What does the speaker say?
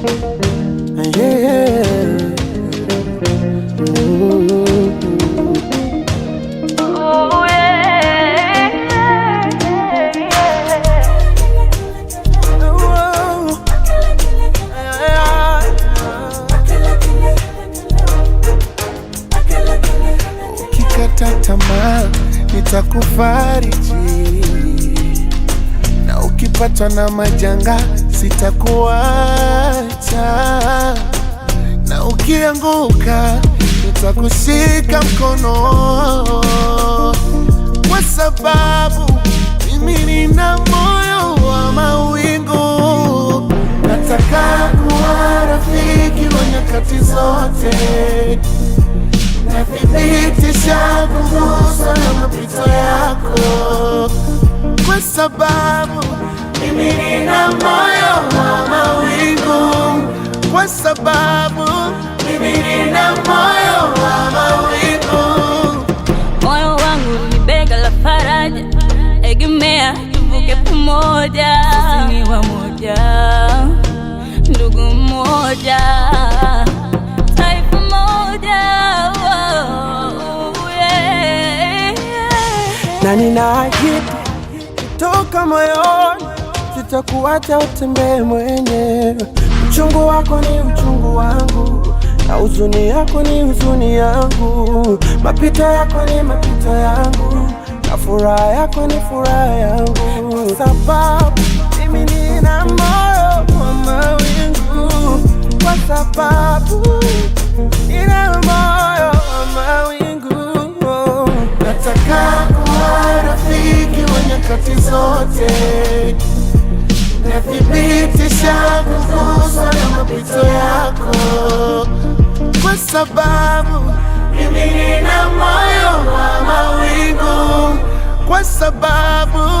Eh, Ukikata tamaa nitakufariji na ukipatwa na majanga sitakuacha, na ukianguka nitakushika mkono, kwa sababu mimi nina moyo wa mawingu. Nataka kuwa rafiki wa nyakati zote, nathibitisha kugusa na mapito yako, kwa sababu mimi nina moyo wa mawingu, kwa sababu mimi nina moyo wa mawingu. Moyo wangu ni bega la faraja, egemea, tuvuke pamoja, ni wamoja, ndugu mmoja, oh, na nina jibu kutoka moyoni Sitakuacha utembee mwenyewe, uchungu wako ni uchungu wangu na huzuni yako ni huzuni yangu, mapito yako ni mapito yangu na furaha yako ni furaha yangu, sababu mimi nina moyo wa mawingu, kwa sababu nina moyo wa mawingu. Nataka kuwa rafiki wa nyakati zote kwa sababu mimi nina moyo wa mawingu kwa sababu